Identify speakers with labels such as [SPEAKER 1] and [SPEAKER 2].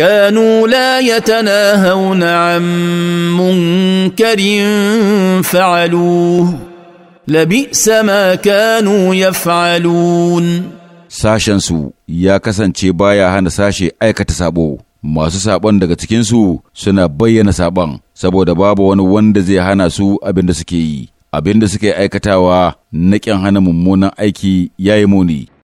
[SPEAKER 1] كانوا لا يتناهون عن منكر فعلوه لبئس ما كانوا
[SPEAKER 2] Sashen su ya kasance baya hana sashe aikata saɓo, masu saɓon daga cikin su suna bayyana saɓon saboda babu wani wanda zai hana su abin da suke yi abin da suke aikatawa na ƙin hana mummunan aiki
[SPEAKER 3] ya yi muni